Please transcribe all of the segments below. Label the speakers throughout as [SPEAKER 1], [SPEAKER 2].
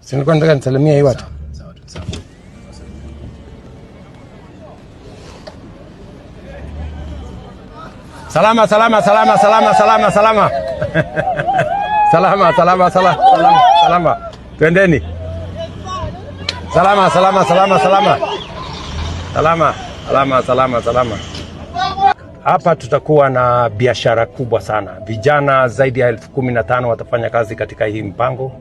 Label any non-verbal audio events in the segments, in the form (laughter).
[SPEAKER 1] Si nilikuwa nataka nisalimia hii watu. Salama salama salama salama salama (laughs) salama. Salama salama salama salama. Twendeni. Salama salama salama salama. Salama salama salama salama. Hapa tutakuwa na biashara kubwa sana. Vijana zaidi ya elfu kumi na tano watafanya kazi katika hii mpango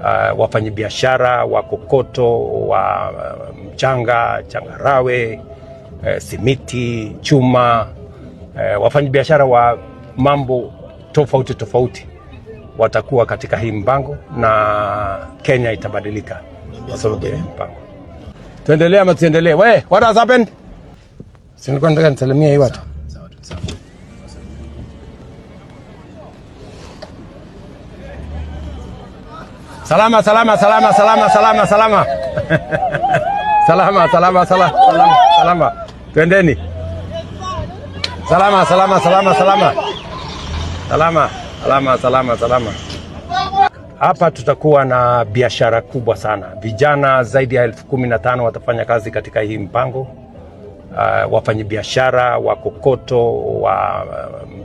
[SPEAKER 1] uh, wafanyabiashara wa kokoto wa uh, mchanga, changarawe, uh, simiti, chuma, uh, wafanyabiashara wa mambo tofauti tofauti watakuwa katika hii mpango na Kenya itabadilika kwa sababu ya mpango. Tuendelee ama tuendelee? We, what has happened? Sinikuwa nataka nisalimia hii watu Salama, salama, salama, salama, salama, salama. Salama, salama, salama, salama, salama. Twendeni. Salama, salama, salama, salama. Salama, salama, salama, salama. Hapa tutakuwa na biashara kubwa sana. Vijana zaidi ya elfu kumi na tano watafanya kazi katika hii mpango. Uh, biashara wa kokoto, wa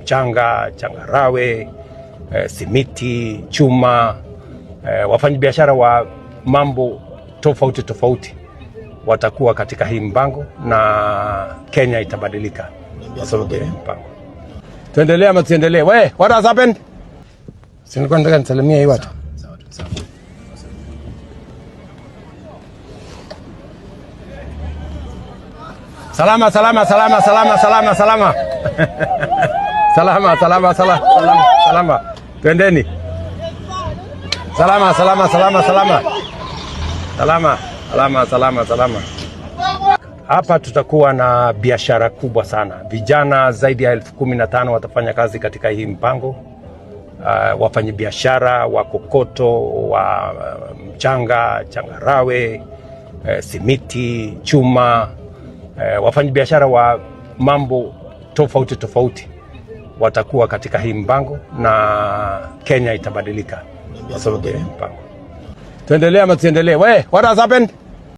[SPEAKER 1] mchanga, changarawe, uh, simiti, chuma eh, wafanyabiashara wa mambo tofauti tofauti watakuwa katika hii mpango na Kenya itabadilika kwa sababu ya mpango. Tuendelee ama tuendelee? We, what has happened? Sinikuwa nataka nisalimia hii watu. Salama, salama, salama, salama, salama, salama. (laughs) Salama, salama, salama, salama. Tuendeni. Salama, salama, salama, salama. Salama, salama, salama, salama. Hapa tutakuwa na biashara kubwa sana. Vijana zaidi ya elfu kumi na tano watafanya kazi katika hii mpango. Uh, wafanyabiashara wa kokoto, wa uh, mchanga, changarawe, eh, simiti, chuma, eh, uh, wafanyabiashara wa mambo tofauti tofauti watakuwa katika hii mpango na Kenya itabadilika kwa mpango. Tuendelee ama tusiendelee? what has happened?